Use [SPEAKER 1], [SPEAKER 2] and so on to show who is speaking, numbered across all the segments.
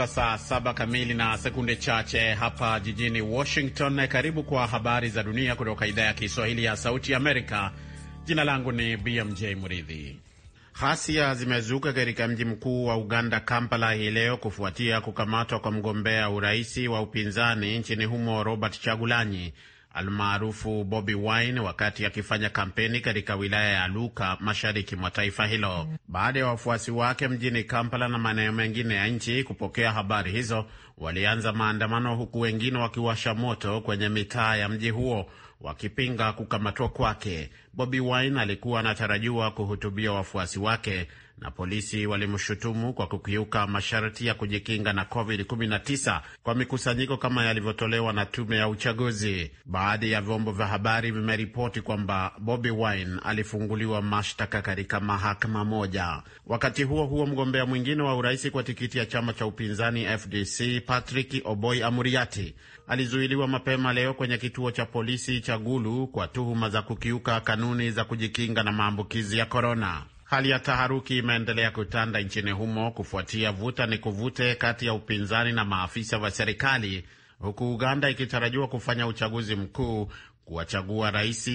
[SPEAKER 1] Imegonga saa saba kamili na sekunde chache hapa jijini Washington. Karibu kwa habari za dunia kutoka idhaa ya Kiswahili ya Sauti Amerika. Jina langu ni BMJ Mridhi. Ghasia zimezuka katika mji mkuu wa Uganda, Kampala, hii leo kufuatia kukamatwa kwa mgombea uraisi wa upinzani nchini humo Robert Chagulanyi almaarufu Bobi Wine wakati akifanya kampeni katika wilaya ya Luka mashariki mwa taifa hilo. Baada ya wafuasi wake mjini Kampala na maeneo mengine ya nchi kupokea habari hizo, walianza maandamano, huku wengine wakiwasha moto kwenye mitaa ya mji huo wakipinga kukamatwa kwake. Bobi Wine alikuwa anatarajiwa kuhutubia wafuasi wake na polisi walimshutumu kwa kukiuka masharti ya kujikinga na COVID-19 kwa mikusanyiko kama yalivyotolewa na tume ya uchaguzi. Baadhi ya vyombo vya habari vimeripoti kwamba Bobi Wine alifunguliwa mashtaka katika mahakama moja. Wakati huo huo, mgombea mwingine wa urais kwa tikiti ya chama cha upinzani FDC Patrick Oboi Amuriati alizuiliwa mapema leo kwenye kituo cha polisi cha Gulu kwa tuhuma za kukiuka kanuni za kujikinga na maambukizi ya korona. Hali ya taharuki imeendelea kutanda nchini humo kufuatia vuta ni kuvute kati ya upinzani na maafisa wa serikali, huku Uganda ikitarajiwa kufanya uchaguzi mkuu kuwachagua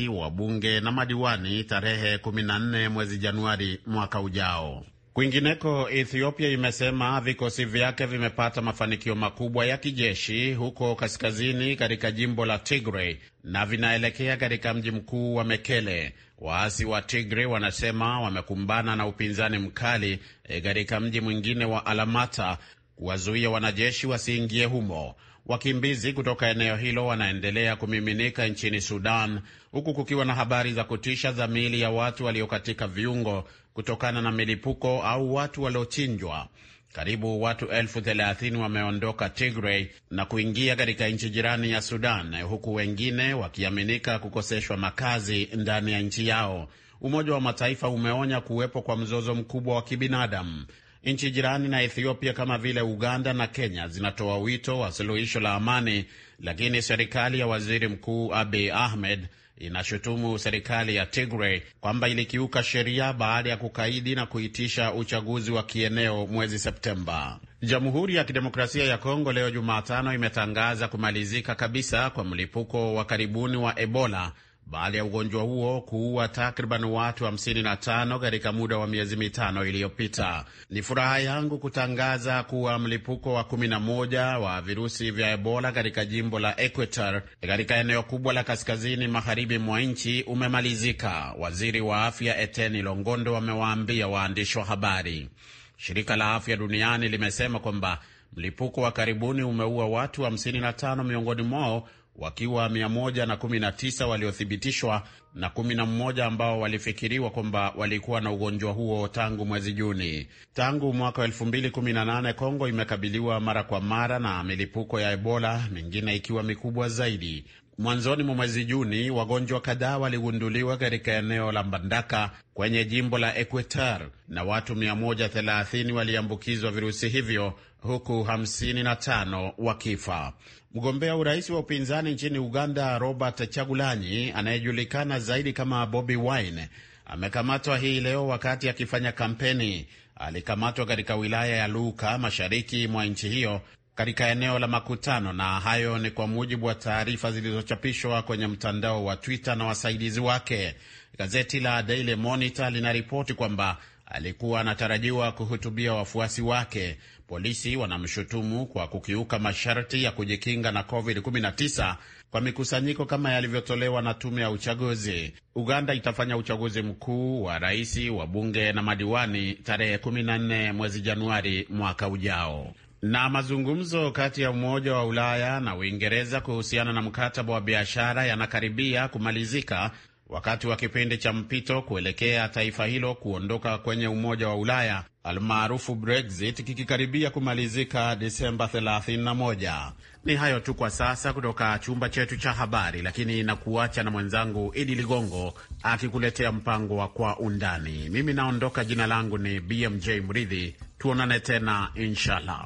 [SPEAKER 1] wa wabunge na madiwani tarehe 14 mwezi Januari mwaka ujao. Kwingineko, Ethiopia imesema vikosi vyake vimepata mafanikio makubwa ya kijeshi huko kaskazini katika jimbo la Tigray na vinaelekea katika mji mkuu wa Mekele. Waasi wa Tigray wanasema wamekumbana na upinzani mkali eh, katika mji mwingine wa Alamata kuwazuia wanajeshi wasiingie humo. Wakimbizi kutoka eneo hilo wanaendelea kumiminika nchini Sudan, huku kukiwa na habari za kutisha za miili ya watu waliokatika viungo kutokana na milipuko au watu waliochinjwa. Karibu watu elfu thelathini wameondoka Tigray na kuingia katika nchi jirani ya Sudan, huku wengine wakiaminika kukoseshwa makazi ndani ya nchi yao. Umoja wa Mataifa umeonya kuwepo kwa mzozo mkubwa wa kibinadamu. Nchi jirani na Ethiopia kama vile Uganda na Kenya zinatoa wito wa suluhisho la amani, lakini serikali ya waziri mkuu Abiy Ahmed inashutumu serikali ya Tigray kwamba ilikiuka sheria baada ya kukaidi na kuitisha uchaguzi wa kieneo mwezi Septemba. Jamhuri ya Kidemokrasia ya Kongo leo Jumatano imetangaza kumalizika kabisa kwa mlipuko wa karibuni wa Ebola baada ya ugonjwa huo kuua takriban watu 55 wa katika muda wa miezi mitano iliyopita. Ni furaha yangu kutangaza kuwa mlipuko wa 11 wa virusi vya Ebola katika jimbo la Equator katika eneo kubwa la kaskazini magharibi mwa nchi umemalizika, waziri wa afya Eteni Longondo amewaambia waandishi wa habari. Shirika la Afya Duniani limesema kwamba mlipuko wa karibuni umeua watu 55 wa miongoni mwao wakiwa 119 waliothibitishwa na 11 ambao walifikiriwa kwamba walikuwa na ugonjwa huo tangu mwezi Juni. Tangu mwaka 2018 Kongo imekabiliwa mara kwa mara na milipuko ya Ebola, mingine ikiwa mikubwa zaidi. Mwanzoni mwa mwezi Juni, wagonjwa kadhaa waligunduliwa katika eneo la Mbandaka kwenye jimbo la Equateur na watu 130 waliambukizwa virusi hivyo huku 55 wakifa. Mgombea urais wa upinzani nchini Uganda, Robert Chagulanyi, anayejulikana zaidi kama Bobi Wine, amekamatwa hii leo wakati akifanya kampeni. Alikamatwa katika wilaya ya Luka, mashariki mwa nchi hiyo katika eneo la makutano, na hayo ni kwa mujibu wa taarifa zilizochapishwa kwenye mtandao wa Twitter na wasaidizi wake. Gazeti la Daily Monitor linaripoti kwamba alikuwa anatarajiwa kuhutubia wafuasi wake. Polisi wanamshutumu kwa kukiuka masharti ya kujikinga na COVID-19 kwa mikusanyiko kama yalivyotolewa na tume ya uchaguzi. Uganda itafanya uchaguzi mkuu wa rais, wa bunge na madiwani tarehe 14 mwezi Januari mwaka ujao. Na mazungumzo kati ya Umoja wa Ulaya na Uingereza kuhusiana na mkataba wa biashara yanakaribia kumalizika wakati wa kipindi cha mpito kuelekea taifa hilo kuondoka kwenye Umoja wa Ulaya almaarufu Brexit kikikaribia kumalizika Desemba 31. Ni hayo tu kwa sasa kutoka chumba chetu cha habari, lakini nakuacha na mwenzangu Idi Ligongo akikuletea mpango wa Kwa Undani. Mimi naondoka, jina langu ni BMJ Mridhi. Tuonane tena inshallah.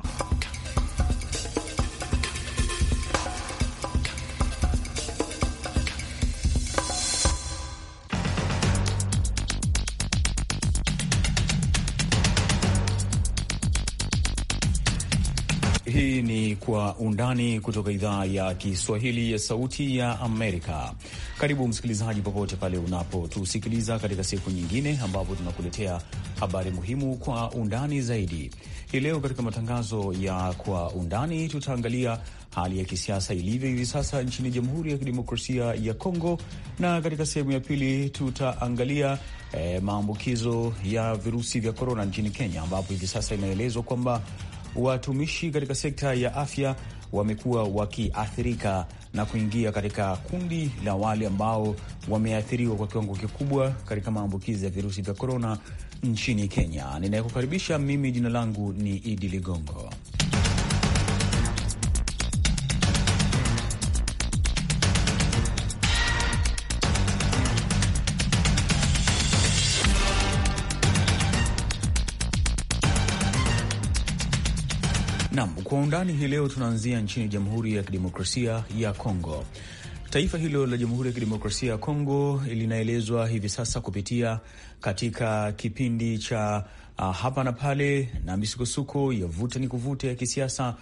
[SPEAKER 2] Kwa Undani kutoka idhaa ya Kiswahili ya Sauti ya Amerika. Karibu msikilizaji, popote pale unapotusikiliza katika siku nyingine ambapo tunakuletea habari muhimu kwa undani zaidi. Hii leo katika matangazo ya Kwa Undani tutaangalia hali ya kisiasa ilivyo hivi sasa nchini Jamhuri ya Kidemokrasia ya Kongo, na katika sehemu ya pili tutaangalia eh, maambukizo ya virusi vya korona nchini Kenya, ambapo hivi sasa inaelezwa kwamba watumishi katika sekta ya afya wamekuwa wakiathirika na kuingia katika kundi la wale ambao wameathiriwa kwa kiwango kikubwa katika maambukizi ya virusi vya korona nchini Kenya. Ninayekukaribisha mimi, jina langu ni Idi Ligongo. undani hii leo tunaanzia nchini Jamhuri ya Kidemokrasia ya Kongo. Taifa hilo la Jamhuri ya Kidemokrasia ya Kongo linaelezwa hivi sasa kupitia katika kipindi cha uh, hapa na pale na misukosuko ya vute ni kuvute ya kisiasa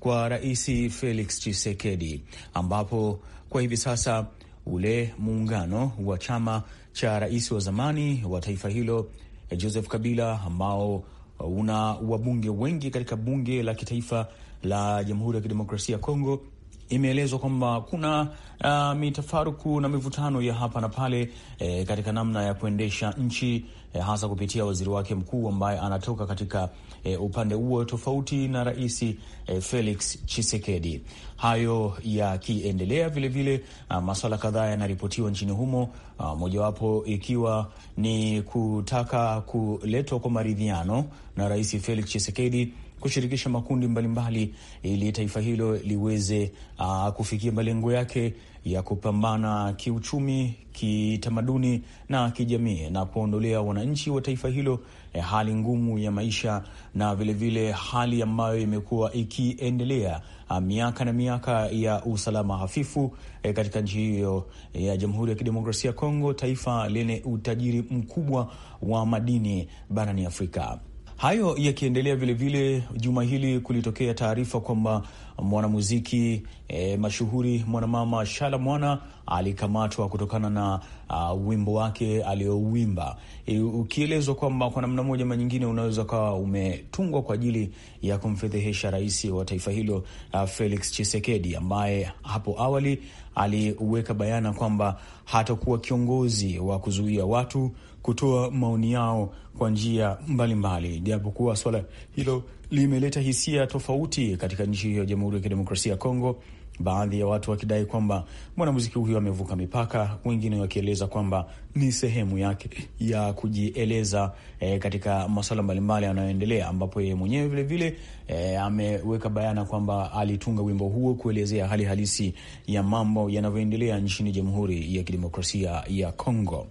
[SPEAKER 2] kwa Rais Felix Tshisekedi, ambapo kwa hivi sasa ule muungano wa chama cha rais wa zamani wa taifa hilo eh, Joseph Kabila ambao una wabunge wengi katika bunge la kitaifa la Jamhuri ya Kidemokrasia ya Kongo, imeelezwa kwamba kuna uh, mitafaruku na mivutano ya hapa na pale eh, katika namna ya kuendesha nchi eh, hasa kupitia waziri wake mkuu ambaye anatoka katika eh, upande huo tofauti na rais eh, Felix Chisekedi. Hayo yakiendelea, vilevile ah, maswala kadhaa yanaripotiwa nchini humo ah, mojawapo ikiwa ni kutaka kuletwa kwa maridhiano na rais Felix Chisekedi kushirikisha makundi mbalimbali mbali, ili taifa hilo liweze uh, kufikia malengo yake ya kupambana kiuchumi, kitamaduni na kijamii na kuwaondolea wananchi wa taifa hilo eh, hali ngumu ya maisha na vilevile vile hali ambayo imekuwa ikiendelea ah, miaka na miaka ya usalama hafifu eh, katika nchi hiyo ya eh, Jamhuri ya Kidemokrasia ya Kongo, taifa lenye utajiri mkubwa wa madini barani Afrika. Hayo yakiendelea vilevile, juma hili kulitokea taarifa kwamba mwanamuziki e, mashuhuri mwanamama Shala Mwana alikamatwa kutokana na uh, wimbo wake aliyouimba, e, eh, ukielezwa kwamba kwa namna moja ama nyingine unaweza ukawa umetungwa kwa ajili ya kumfedhehesha rais wa taifa hilo uh, Felix ambaye hapo awali aliweka bayana kwamba hatakuwa kiongozi wa kuzuia watu kutoa maoni yao kwa njia mbalimbali, japokuwa swala hilo limeleta hisia tofauti katika nchi hiyo ya Jamhuri ya Kidemokrasia ya Kongo, baadhi ya watu wakidai kwamba mwanamuziki huyo amevuka mipaka, wengine wakieleza kwamba ni sehemu yake ya kujieleza e, katika masuala mbalimbali yanayoendelea, ambapo yeye mwenyewe vilevile e, eh, ameweka bayana kwamba alitunga wimbo huo kuelezea hali halisi ya mambo yanavyoendelea nchini Jamhuri ya Kidemokrasia ya Kongo.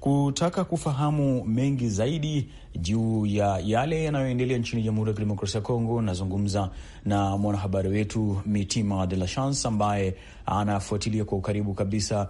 [SPEAKER 2] Kutaka kufahamu mengi zaidi juu ya yale yanayoendelea nchini Jamhuri ya Kidemokrasia ya Kongo, nazungumza na mwanahabari wetu Mitima De La Chance ambaye anafuatilia kwa ukaribu kabisa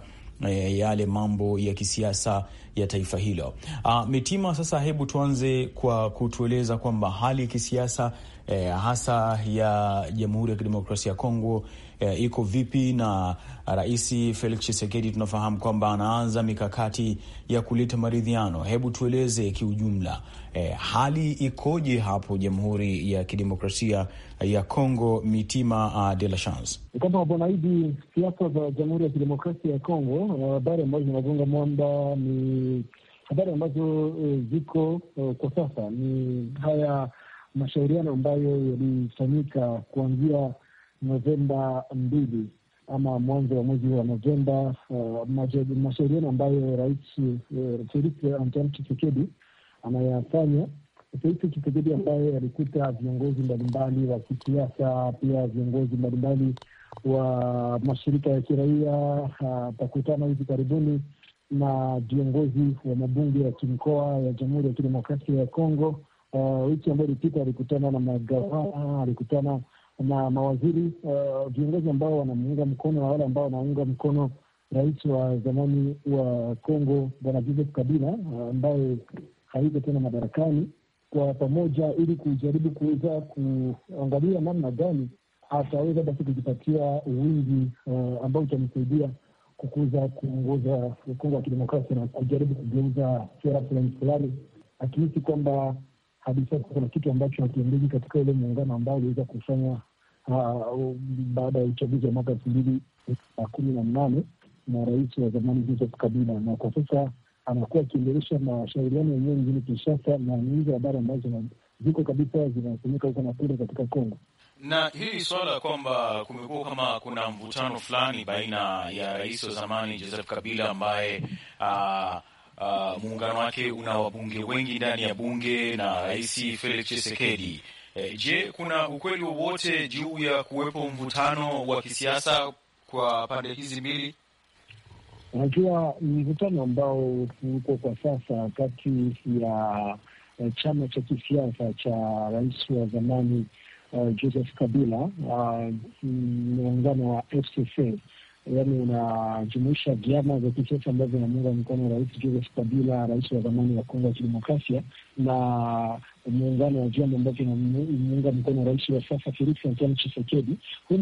[SPEAKER 2] e, yale mambo ya kisiasa ya taifa hilo. A, ah, Mitima, sasa hebu tuanze kwa kutueleza kwamba hali ya kisiasa e, hasa ya Jamhuri ya Kidemokrasia ya Kongo e, iko vipi? Na Rais Felix Tshisekedi tunafahamu kwamba anaanza mikakati ya kuleta maridhiano. Hebu tueleze kiujumla, e, hali ikoje hapo Jamhuri ya Kidemokrasia ya Congo Mitima uh, de la Chance.
[SPEAKER 3] Ni bwana hivi siasa za Jamhuri ya Kidemokrasia ya Kongo, uh, habari ambazo zinagonga mwamba ni habari ambazo uh, ziko kwa sasa, ni haya mashauriano ambayo yalifanyika kuanzia Novemba mbili ama mwanzo wa mwezi wa Novemba, mashauriano ambayo rais Felix Antoine chisekedi anayafanya kitu Tshisekedi ambaye alikuta viongozi mbalimbali wa kisiasa, pia viongozi mbalimbali wa mashirika ya kiraia, atakutana ah, hivi karibuni na viongozi wa mabunge ya kimkoa ya Jamhuri ya Kidemokrasia ya Kongo. Ah, wiki uh, ambayo ilipita alikutana na magavana, alikutana na mawaziri ah, viongozi uh, ambao wanamuunga mkono na wale ambao wanaunga mkono rais wa zamani wa Kongo Bwana Joseph Kabila ambaye uh, haiko tena madarakani kwa pamoja, ili kujaribu kuweza kuangalia namna gani ataweza basi kujipatia wingi uh, ambao utamsaidia kukuza kuongoza Kongo wa kidemokrasia na kujaribu kugeuza sera fulani fulani, akihisi kwamba hadi sasa kuna kitu ambacho hakiendeki katika ule muungano ambao uliweza kufanya uh, baada ya uchaguzi wa mwaka elfu mbili na kumi na mnane na rais wa zamani Joseph Kabila, na kwa sasa anakuwa akiendelesha mashauriano yenyewe mjini Kinshasa na hizo habari ambazo ziko kabisa zinasemeka huko na kule katika Kongo
[SPEAKER 2] na hili swala kwamba kumekuwa kama kuna mvutano fulani baina ya rais wa zamani Joseph Kabila ambaye uh, uh, muungano wake una wabunge wengi ndani ya bunge na rais Felix Tshisekedi. E, je, kuna ukweli wowote juu ya kuwepo mvutano wa kisiasa kwa pande hizi mbili?
[SPEAKER 3] Unajua, mvutano ambao uko kwa sasa kati ya eh, chama cha kisiasa cha rais wa zamani uh, Joseph Kabila, eh, muungano wa FCC yani unajumuisha vyama vya kisiasa ambavyo vinamuunga mkono Rais Joseph Kabila, rais wa zamani wa Kongo ya Kidemokrasia, na muungano wa vyama ambavyo vinamuunga mkono rais wa sasa Felix Antoine chisekedi Huu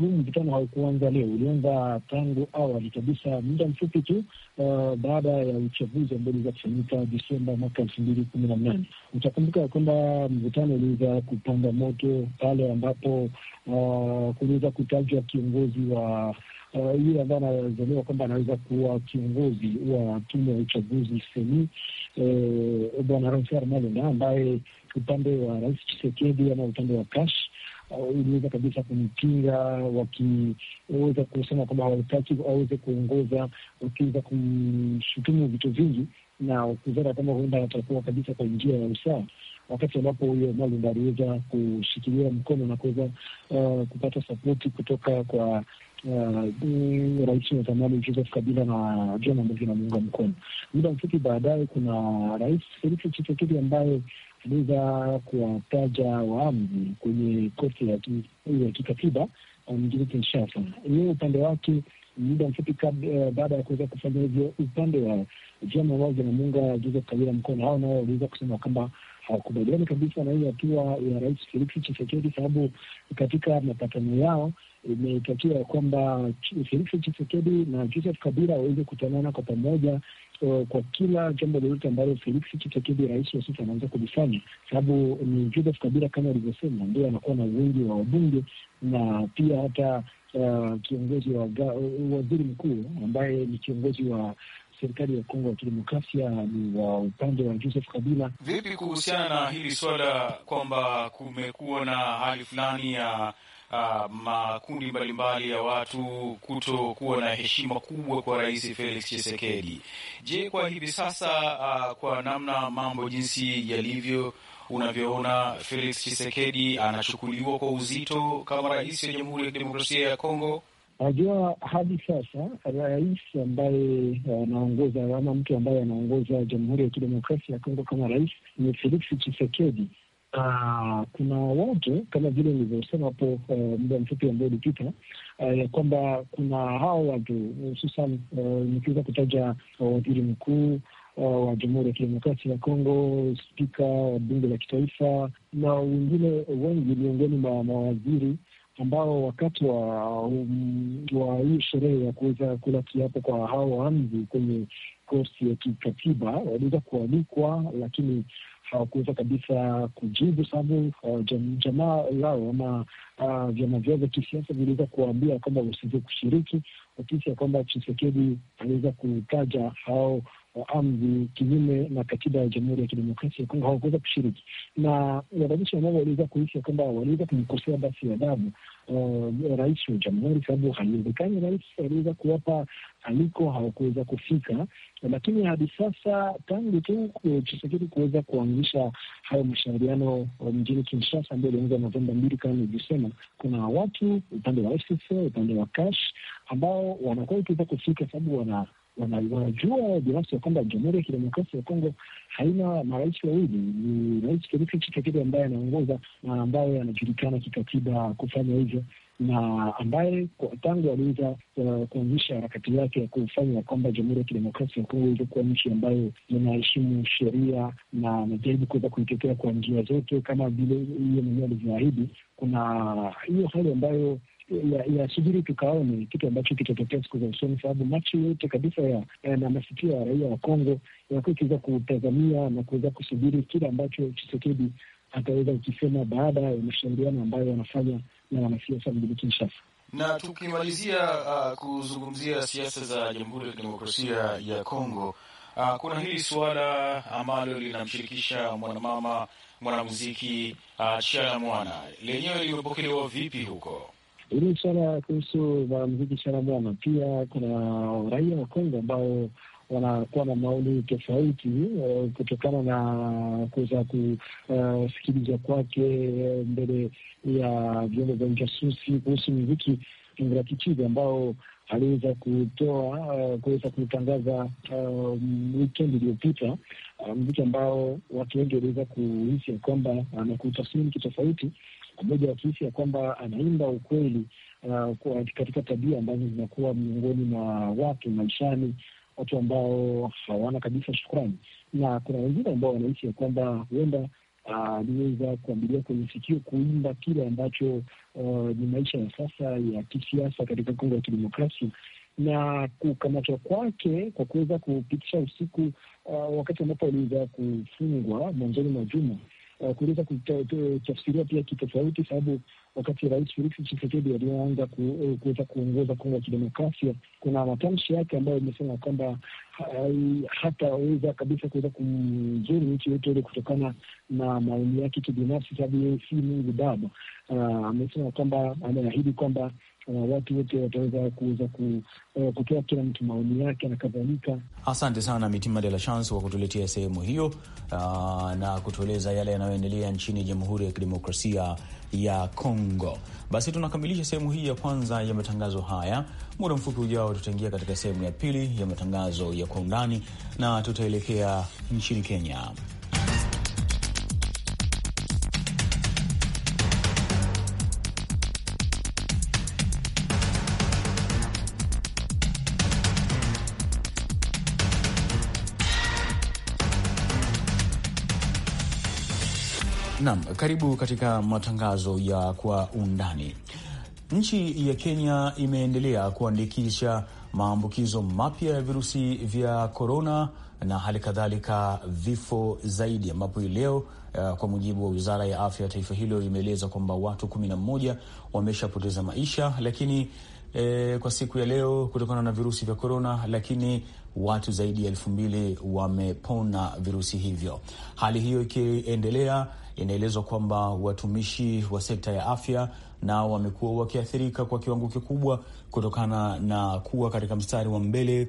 [SPEAKER 3] mkutano haukuanza leo, ulianza tangu awali kabisa, muda mfupi tu uh, baada ya uchaguzi ambao uliweza kufanyika Desemba mwaka elfu mbili kumi na nane. Utakumbuka ya kwamba mkutano uliweza kupanda moto pale ambapo uh, kuliweza kutajwa kiongozi wa Uh, yule ambaye anazaniwa kwamba anaweza kuwa kiongozi wa tume ya uchaguzi seni uh, bwana Ronsard Malonda ambaye upande wa rais Chisekedi ama upande wa Kash uh, iliweza kabisa kumpinga wakiweza kusema kwamba hawataki aweze kuongoza, wakiweza kumshutumu vitu vingi na kuzara kwamba huenda atakuwa kabisa kwa njia ya usawa, wakati ambapo huyo malinda aliweza kushikilia mkono na kuweza uh, kupata sapoti kutoka kwa uh, rais wa zamani Joseph Kabila na John ambavyo inamuunga mkono. Muda mfupi baadaye, kuna rais Felix Tshisekedi ambaye aliweza kuwataja waamuzi kwenye koti ya, ki, ya kikatiba mjini Kinshasa. Yeye upande wake muda mfupi eh, baada ya kuweza kufanya hivyo, upande wa vyama ambao vinamuunga Joseph Kabila mkono, hao nao waliweza kusema kwamba hawakubaliani kabisa na hii hatua ya rais Felix Tshisekedi, sababu katika mapatano yao imetakiwa ya kwamba Felix Chisekedi na Joseph Kabila waweze kutanana kwa pamoja kwa kila jambo lolote ambalo Felix chisekedi rais wa sasa anaweza kulifanya, sababu ni Joseph Kabila kama alivyosema, ndio anakuwa na wingi wa wabunge na pia hata uh, kiongozi wa waziri mkuu ambaye ni kiongozi wa serikali ya Kongo ya Kidemokrasia ni wa upande wa Joseph Kabila.
[SPEAKER 2] Vipi kuhusiana na hili swala kwamba kumekuwa na hali fulani ya uh, makundi mbalimbali ya watu kutokuwa na heshima kubwa kwa Rais Felix chisekedi Je, kwa hivi sasa uh, kwa namna mambo jinsi yalivyo unavyoona Felix chisekedi anachukuliwa kwa uzito kama rais wa Jamhuri ya Kidemokrasia ya Kongo?
[SPEAKER 3] Najua hadi sasa rais ambaye eh, anaongoza ama mtu ambaye anaongoza Jamhuri ya Kidemokrasia ya Kongo kama rais ni Felix chisekedi Uh, kuna watu kama vile nilivyosema hapo uh, muda mfupi ambao ulipita uh, eh, ya kwamba kuna hao watu hususan uh, nikiweza kutaja waziri uh, mkuu wa Jamhuri ya Kidemokrasia ya Kongo, spika wa bunge la kitaifa na wengine wengi miongoni mwa mawaziri ambao wakati wa um, wa hii sherehe ya kuweza kula kiapo kwa hao waamzi kwenye kosi ya kikatiba waliweza kualikwa, lakini hawakuweza kabisa kujibu, sababu uh, jam, jamaa lao ama uh, vyama vyao vya kisiasa viliweza kuwaambia kwamba wasiweze kushiriki, wakihisi ya kwamba Chisekedi aliweza kutaja hao waamzi uh, kinyume na katiba ya Jamhuri ya Kidemokrasia ya Kongo, hawakuweza kushiriki, na wananchi wenyewe waliweza kuhisi ya kwamba waliweza kumkosea basi adabu uh, rais wa jamhuri, sababu haiwezekani rais aliweza kuwapa aliko hawakuweza kufika. Lakini hadi sasa tangu tu uh, Tshisekedi kuweza kuanzisha hayo mashauriano uh, mjini Kinshasa ambayo ilianza Novemba mbili kama nilivyosema, kuna watu upande wa FCC upande wa Kash ambao wanakuwa ukiweza kufika sababu wana wanajua binafsi ya kwamba Jamhuri ya Kidemokrasia ya Kongo haina marais wawili, ni Rais Felix Tshisekedi ambaye anaongoza na ambaye anajulikana kikatiba kufanya hivyo na ambaye tangu aliweza uh, kuanzisha harakati yake ya kufanya kwamba Jamhuri ya Kidemokrasia ya Kongo iweze kuwa nchi ambayo inaheshimu sheria na anajaribu kuweza kuitetea kwa njia zote, kama vile hiyo mwenyewe alivyoahidi. Kuna hiyo hali ambayo yasubiri tukaone kitu ambacho kitatokea siku za usoni, sababu macho yote kabisa ya, ya na masikio ya raia wa Kongo yanakuwa ikiweza kutazamia na kuweza kusubiri kile ambacho Chisekedi ataweza ukisema baada ya mashauriano ambayo wanafanya na wanasiasa mjini Kinshasa
[SPEAKER 2] na tukimalizia uh, kuzungumzia siasa za Jamhuri ya Kidemokrasia ya Kongo, uh, kuna hili suala ambalo linamshirikisha mwanamama mwanamuziki uh, Shala Mwana, lenyewe limepokelewa vipi huko?
[SPEAKER 3] ile ishara kuhusu mwanamuziki sana Mwana. Pia kuna raia wa Kongo ambao wanakuwa na maoni tofauti eh, kutokana na kuweza eh, kusikilizwa kwake eh, mbele ya vyombo vya ujasusi kuhusu muziki Ingratitude ambao aliweza kutoa kuweza kutangaza wikendi iliyopita mziki ambao watu wengi waliweza kuhisi ya kwamba anakutasmini kitofauti moja akihisi ya kwamba anaimba ukweli uh, katika tabia ambazo zinakuwa miongoni mwa watu maishani, watu ambao hawana kabisa shukrani, na kuna wengine ambao wanahisi ya kwamba huenda uh, aliweza uh, kuambilia kwenye sikio kuimba kile ambacho uh, ni maisha ya sasa ya kisiasa katika Kongo ya Kidemokrasia na kukamatwa kwake kwa kuweza kupitisha usiku uh, wakati ambapo aliweza kufungwa mwanzoni mwa juma uh, kuweza kutafsiriwa pia kitofauti, sababu wakati Rais Felix Tshisekedi alianza eh, kuweza kuongoza Kongo ya Kidemokrasia, kuna matamshi yake ambayo imesema kwamba hataweza kabisa kuweza kumzuru nchi yote ile kutokana na maoni yake kibinafsi, sababu yeye si Mungu Baba. Ah, amesema uh, kwamba ameahidi kwamba uh, watu wote wataweza kuweza uh, kutoa kila mtu maoni yake na kadhalika.
[SPEAKER 2] Asante sana Mitima de la Chance kwa kutuletea sehemu hiyo uh, na kutueleza yale yanayoendelea nchini Jamhuri ya Kidemokrasia ya Kongo. Basi tunakamilisha sehemu hii ya kwanza ya matangazo haya. Muda mfupi ujao, tutaingia katika sehemu ya pili ya matangazo ya kwa undani na tutaelekea nchini Kenya. Naam, karibu katika matangazo ya kwa undani. Nchi ya Kenya imeendelea kuandikisha maambukizo mapya ya virusi vya korona na hali kadhalika vifo zaidi, ambapo hii leo uh, kwa mujibu wa wizara ya afya ya taifa hilo imeeleza kwamba watu 11 wameshapoteza maisha, lakini eh, kwa siku ya leo kutokana na virusi vya korona, lakini watu zaidi ya elfu mbili wamepona virusi hivyo. Hali hiyo ikiendelea Inaelezwa kwamba watumishi wa sekta ya afya nao wamekuwa wakiathirika kwa kiwango kikubwa kutokana na kuwa katika mstari wa mbele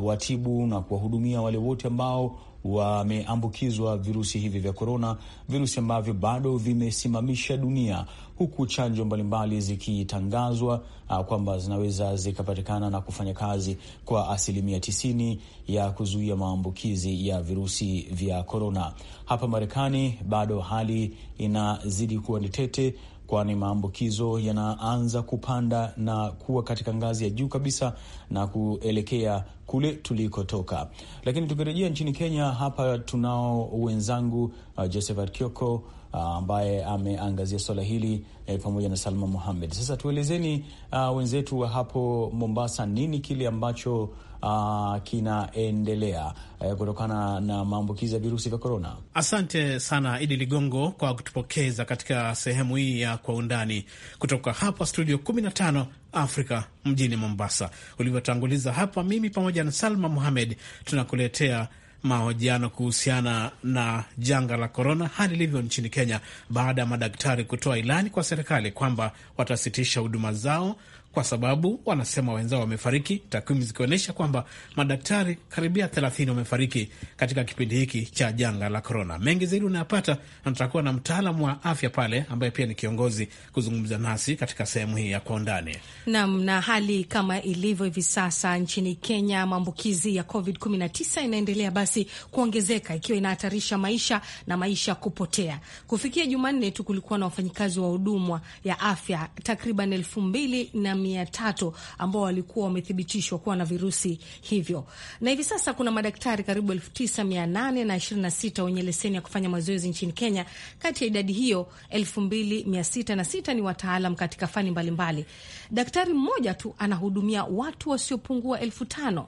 [SPEAKER 2] kuwatibu uh, na kuwahudumia wale wote ambao wameambukizwa virusi hivi vya korona, virusi ambavyo bado vimesimamisha dunia huku chanjo mbalimbali zikitangazwa ah, kwamba zinaweza zikapatikana na kufanya kazi kwa asilimia tisini ya kuzuia maambukizi ya virusi vya korona. Hapa Marekani bado hali inazidi kuwa ni tete, kwani maambukizo yanaanza kupanda na kuwa katika ngazi ya juu kabisa na kuelekea kule tulikotoka. Lakini tukirejea nchini Kenya, hapa tunao wenzangu uh, Josephat Kioko Uh, ambaye uh, ameangazia swala hili eh, pamoja na Salma Muhamed. Sasa tuelezeni uh, wenzetu wa hapo Mombasa, nini kile ambacho Uh, kinaendelea uh, kutokana na maambukizi ya virusi vya korona.
[SPEAKER 4] Asante sana Idi Ligongo kwa kutupokeza katika sehemu hii ya kwa undani kutoka hapa studio 15 Afrika mjini Mombasa. Ulivyotanguliza hapa, mimi pamoja na Salma muhamed tunakuletea mahojiano kuhusiana na janga la korona, hali ilivyo nchini Kenya baada ya madaktari kutoa ilani kwa serikali kwamba watasitisha huduma zao kwa sababu wanasema wenzao wamefariki, takwimu zikionyesha kwamba madaktari karibia thelathini wamefariki katika kipindi hiki cha janga la korona. Mengi zaidi unayapata na tutakuwa na mtaalamu wa afya pale ambaye pia ni kiongozi kuzungumza nasi katika sehemu hii ya kwa undani.
[SPEAKER 5] Naam, na hali kama ilivyo hivi sasa nchini Kenya, maambukizi ya COVID-19 inaendelea basi kuongezeka ikiwa inahatarisha maisha na maisha kupotea. Kufikia Jumanne tu kulikuwa na wafanyikazi wa huduma ya afya takriban elfu mbili na mia tatu ambao walikuwa wamethibitishwa kuwa na virusi hivyo, na hivi sasa kuna madaktari karibu elfu tisa mia nane na ishirini na sita wenye leseni ya kufanya mazoezi nchini Kenya. Kati ya idadi hiyo elfu mbili mia sita na sita ni wataalam katika fani mbalimbali mbali. Daktari mmoja tu anahudumia watu wasiopungua elfu tano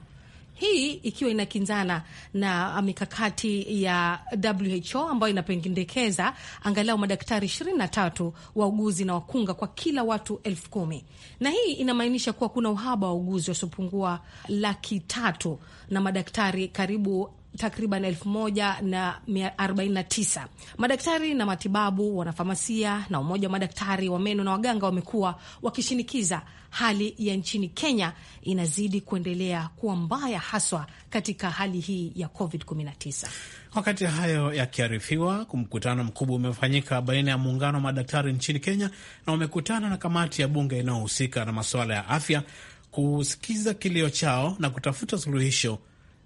[SPEAKER 5] hii ikiwa inakinzana na mikakati ya WHO ambayo inapendekeza angalau madaktari 23 wauguzi na wakunga kwa kila watu elfu kumi na hii inamaanisha kuwa kuna uhaba wa wauguzi wasiopungua laki tatu na madaktari karibu takriban elfu moja na mia arobaini na tisa. Madaktari na matibabu, wanafamasia na umoja wa madaktari wa meno na waganga wamekuwa wakishinikiza hali ya nchini Kenya inazidi kuendelea kuwa mbaya, haswa katika hali hii ya COVID-19.
[SPEAKER 4] Wakati hayo yakiarifiwa, mkutano mkubwa umefanyika baina ya muungano wa madaktari nchini Kenya na wamekutana na kamati ya bunge inayohusika na masuala ya afya kusikiza kilio chao na kutafuta suluhisho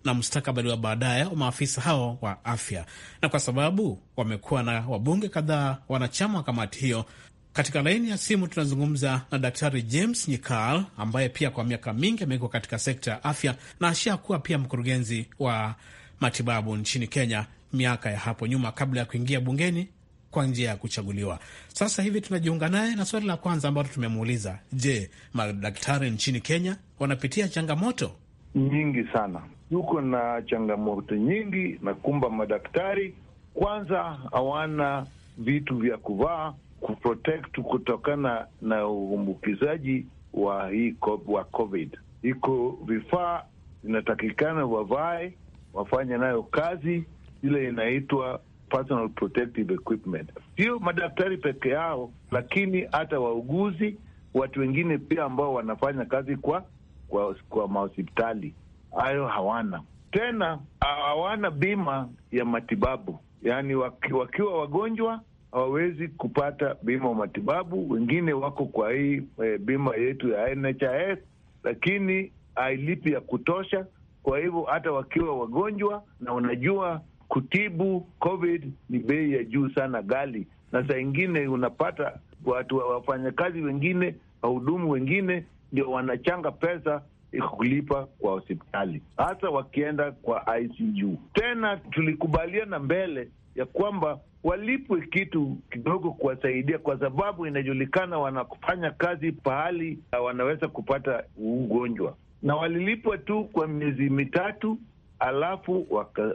[SPEAKER 4] na mustakabali wa baadaye wa maafisa hao wa afya, na kwa sababu wamekuwa na wabunge kadhaa wanachama wa kamati hiyo katika laini ya simu tunazungumza na Daktari James Nyikal ambaye pia kwa miaka mingi amekuwa katika sekta ya afya na ashakuwa pia mkurugenzi wa matibabu nchini Kenya miaka ya hapo nyuma kabla ya kuingia bungeni kwa njia ya kuchaguliwa. Sasa hivi tunajiunga naye na swali la kwanza ambalo tumemuuliza: Je, madaktari nchini Kenya wanapitia changamoto nyingi sana? yuko
[SPEAKER 6] na changamoto nyingi na kumba madaktari kwanza hawana vitu vya kuvaa kuprotect kutokana na uambukizaji wa hii wa COVID. Iko vifaa inatakikana wavae, wafanye nayo kazi, ile inaitwa personal protective equipment. Sio madaktari peke yao, lakini hata wauguzi, watu wengine pia ambao wanafanya kazi kwa kwa, kwa mahospitali hayo hawana tena, hawana bima ya matibabu, yaani wakiwa wagonjwa hawawezi kupata bima ya matibabu. Wengine wako kwa hii eh, bima yetu ya NHIF, lakini hailipi ya kutosha. Kwa hivyo hata wakiwa wagonjwa, na unajua kutibu COVID ni bei ya juu sana, gali na saa ingine unapata watu wafanyakazi wengine, wahudumu wengine ndio wanachanga pesa kulipa kwa hospitali, hata wakienda kwa ICU. Tena tulikubaliana mbele ya kwamba walipwe kitu kidogo kuwasaidia, kwa sababu inajulikana wanakufanya kazi pahali wanaweza kupata ugonjwa, na walilipwa tu kwa miezi mitatu, alafu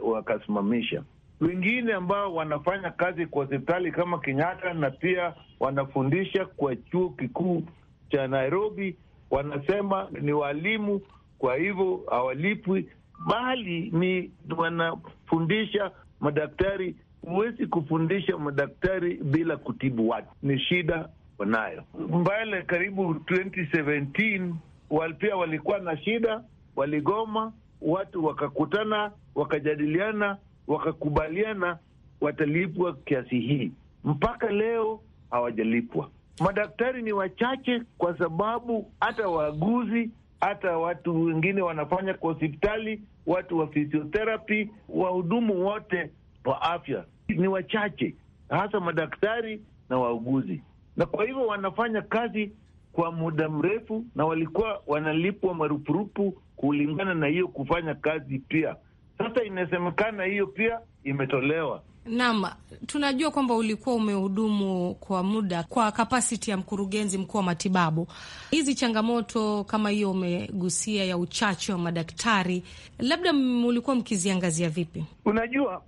[SPEAKER 6] wakasimamisha waka wengine ambao wanafanya kazi kwa hospitali kama Kenyatta na pia wanafundisha kwa chuo kikuu cha Nairobi wanasema ni walimu, kwa hivyo hawalipwi, bali ni wanafundisha madaktari. Huwezi kufundisha madaktari bila kutibu watu, ni shida wanayo. Mbale karibu 2017 wal pia walikuwa na shida, waligoma, watu wakakutana, wakajadiliana, wakakubaliana watalipwa kiasi hii, mpaka leo hawajalipwa. Madaktari ni wachache, kwa sababu hata waaguzi, hata watu wengine wanafanya kwa hospitali, watu wa physiotherapy, wahudumu wote wa afya ni wachache, hasa madaktari na wauguzi, na kwa hivyo wanafanya kazi kwa muda mrefu, na walikuwa wanalipwa marupurupu kulingana na hiyo kufanya kazi. Pia sasa inasemekana hiyo pia imetolewa,
[SPEAKER 5] Naam, tunajua kwamba ulikuwa umehudumu kwa muda kwa kapasiti ya mkurugenzi mkuu wa matibabu. Hizi changamoto kama hiyo umegusia ya uchache wa madaktari, labda mulikuwa mkiziangazia vipi?
[SPEAKER 6] Unajua,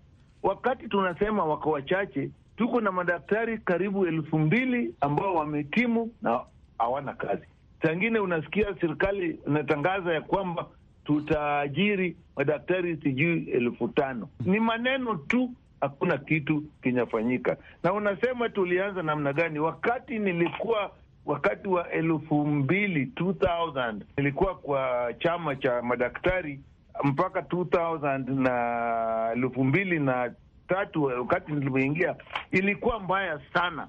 [SPEAKER 6] wakati tunasema wako wachache, tuko na madaktari karibu elfu mbili ambao wamehitimu na hawana kazi. Sangine unasikia serikali inatangaza ya kwamba tutaajiri madaktari sijui elfu tano. Ni maneno tu hakuna kitu kinafanyika. Na unasema tulianza namna gani? Wakati nilikuwa wakati wa elfu mbili 2000 nilikuwa kwa chama cha madaktari mpaka 2000 na elfu mbili na tatu, wakati nilivyoingia ilikuwa mbaya sana,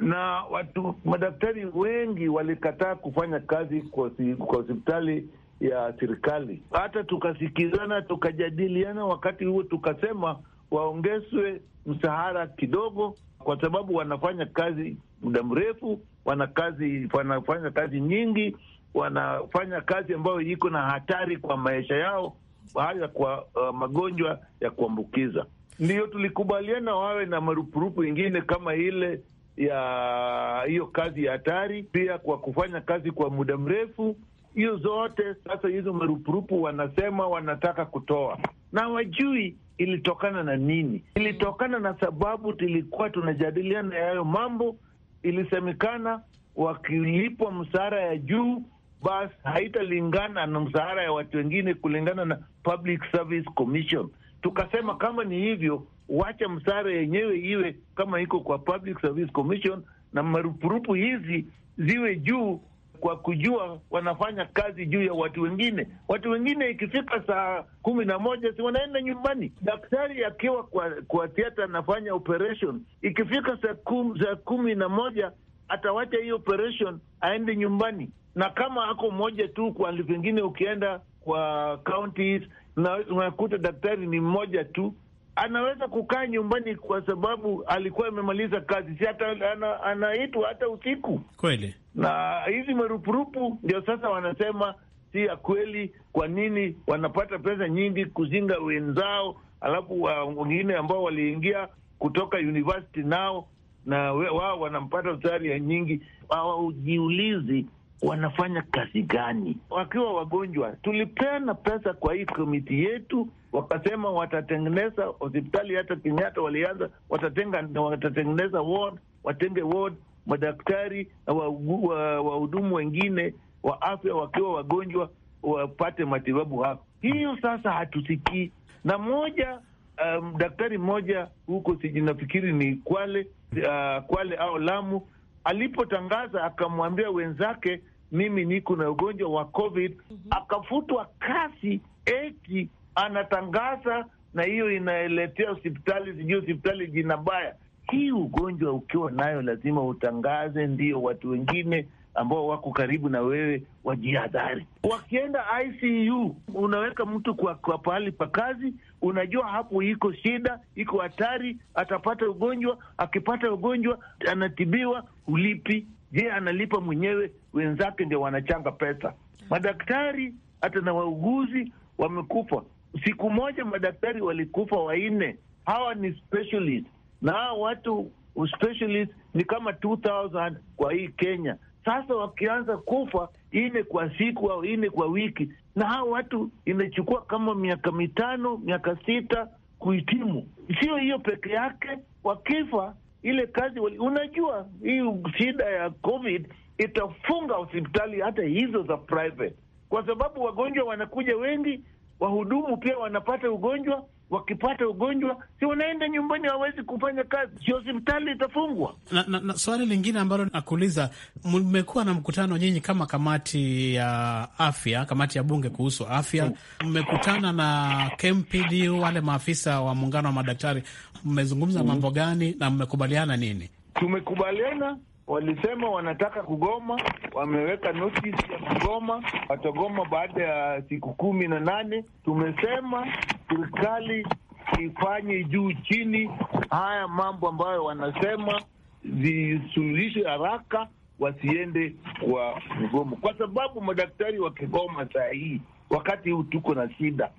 [SPEAKER 6] na watu madaktari wengi walikataa kufanya kazi kwa hospitali ya serikali. Hata tukasikizana tukajadiliana, wakati huo tukasema waongezwe mshahara kidogo, kwa sababu wanafanya kazi muda mrefu, wana kazi, wanafanya kazi nyingi, wanafanya kazi ambayo iko na hatari kwa maisha yao, haya kwa uh, magonjwa ya kuambukiza. Ndiyo tulikubaliana wawe na marupurupu ingine kama ile ya hiyo kazi ya hatari, pia kwa kufanya kazi kwa muda mrefu. Hiyo zote sasa, hizo marupurupu wanasema wanataka kutoa na wajui ilitokana na nini? Ilitokana na sababu tulikuwa tunajadiliana yayo mambo. Ilisemekana wakilipwa mshahara ya juu, basi haitalingana na mshahara ya watu wengine kulingana na Public Service Commission. Tukasema kama ni hivyo, wacha mshahara yenyewe iwe kama iko kwa Public Service Commission na marupurupu hizi ziwe juu kwa kujua wanafanya kazi juu ya watu wengine. Watu wengine ikifika saa kumi na moja si wanaenda nyumbani. Daktari akiwa kwa kwa tiata anafanya operation, ikifika saa kum, saa kumi na moja atawacha hii operation aende nyumbani, na kama ako mmoja tu kwa vingine. Ukienda kwa counties na unakuta daktari ni mmoja tu anaweza kukaa nyumbani kwa sababu alikuwa amemaliza kazi, si hata ana, anaitwa hata usiku kweli. Na hizi marupurupu ndio sasa wanasema si ya kweli. Kwa nini wanapata pesa nyingi kuzinga wenzao, alafu wengine ambao waliingia kutoka university nao na wao wanampata sari nyingi, hawajiulizi wanafanya kazi gani wakiwa wagonjwa. Tulipeana pesa kwa hii komiti yetu wakasema watatengeneza hospitali hata Kenyatta walianza, watatenga watatengeneza ward, watenge ward madaktari na wahudumu wa wengine wa afya wakiwa wagonjwa wapate matibabu hapo. Hiyo sasa hatusikii. Na moja um, daktari mmoja huko sijinafikiri ni Kwale, uh, Kwale au Lamu alipotangaza akamwambia wenzake, mimi niko na ugonjwa wa COVID, mhm. akafutwa kazi eti anatangaza, na hiyo inaeletea hospitali sijui hospitali jina baya. Hii ugonjwa ukiwa nayo lazima utangaze, ndio watu wengine ambao wako karibu na wewe wajihadhari. Wakienda ICU, unaweka mtu kwa, kwa pahali pa kazi, unajua hapo iko shida, iko hatari, atapata ugonjwa. Akipata ugonjwa anatibiwa, ulipi? Je, analipa mwenyewe? Wenzake ndio wanachanga pesa. Madaktari hata na wauguzi wamekufa siku moja madaktari walikufa wanne. Hawa ni specialist na hawa watu specialist ni kama 2000 kwa hii Kenya. Sasa wakianza kufa ine kwa siku au ine kwa wiki, na hawa watu inachukua kama miaka mitano miaka sita kuhitimu. Sio hiyo peke yake, wakifa ile kazi wali... unajua hii shida ya COVID itafunga hospitali hata hizo za private, kwa sababu wagonjwa wanakuja wengi wahudumu pia wanapata ugonjwa wakipata ugonjwa si wanaenda nyumbani, hawawezi kufanya kazi, hospitali
[SPEAKER 4] itafungwa. Na, na, na swali lingine ambalo nakuuliza, mmekuwa na mkutano nyinyi kama kamati ya afya, kamati ya bunge kuhusu afya, mmekutana na KMPD, wale maafisa wa muungano wa madaktari, mmezungumza mm-hmm. mambo gani na mmekubaliana nini?
[SPEAKER 6] Tumekubaliana Walisema wanataka kugoma, wameweka notisi ya kugoma, watagoma baada ya siku kumi na nane. Tumesema serikali ifanye juu chini, haya mambo ambayo wanasema zisuluhishe haraka, wasiende kwa mgomo, kwa sababu madaktari wakigoma saa hii, wakati huu tuko na shida,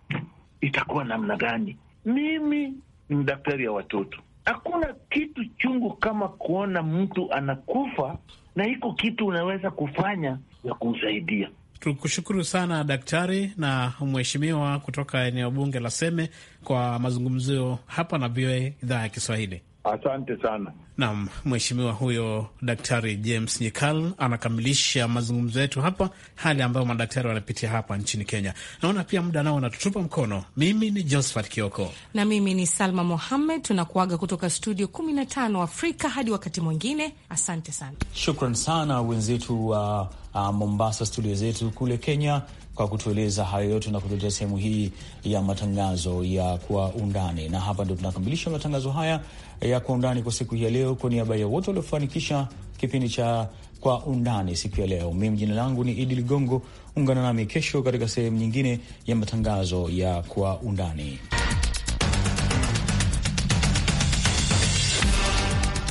[SPEAKER 6] itakuwa namna gani? Mimi ni daktari ya watoto Hakuna kitu chungu kama kuona mtu anakufa na iko kitu unaweza kufanya ya kumsaidia.
[SPEAKER 4] Tukushukuru sana daktari na mheshimiwa kutoka eneo bunge la Seme kwa mazungumzo hapa na VOA idhaa ya Kiswahili.
[SPEAKER 6] Asante sana.
[SPEAKER 4] Naam, mheshimiwa huyo Daktari James Nyikal anakamilisha mazungumzo yetu hapa, hali ambayo madaktari wanapitia hapa nchini Kenya. Naona pia muda nao unatutupa mkono. Mimi ni Josphat Kioko
[SPEAKER 5] na mimi ni Salma Mohammed, tunakuaga kutoka studio 15 Afrika hadi wakati mwingine. Asante sana,
[SPEAKER 2] shukran sana wenzetu wa uh, uh, Mombasa, studio zetu kule Kenya kwa kutueleza hayo yote na kutuletea sehemu hii ya matangazo ya kwa undani, na hapa ndio tunakamilisha matangazo haya ya Kwa Undani kwa siku hii ya leo. Kwa niaba ya wote waliofanikisha kipindi cha Kwa Undani siku ya leo, mimi jina langu ni Idi Ligongo. Ungana nami kesho katika sehemu nyingine ya matangazo ya Kwa Undani.